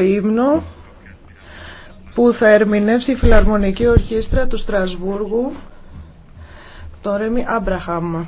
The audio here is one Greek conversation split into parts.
ύμνο που θα ερμηνεύσει η Φιλαρμονική Ορχήστρα του Στρασβούργου, το Ρέμι Άμπραχαμ.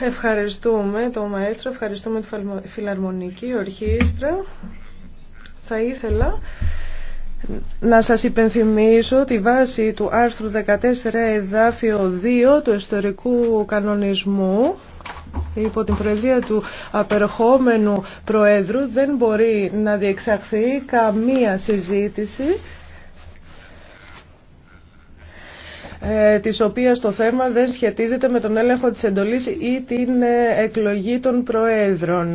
Ευχαριστούμε τον Μαέστρο, ευχαριστούμε τη Φιλαρμονική Ορχήστρα. Θα ήθελα να σας υπενθυμίσω τη βάση του άρθρου 14 εδάφιο 2 του ιστορικού κανονισμού υπό την προεδρία του απερχόμενου Προέδρου δεν μπορεί να διεξαχθεί καμία συζήτηση Ε, της οποίας το θέμα δεν σχετίζεται με τον έλεγχο της εντολής ή την ε, εκλογή των προέδρων.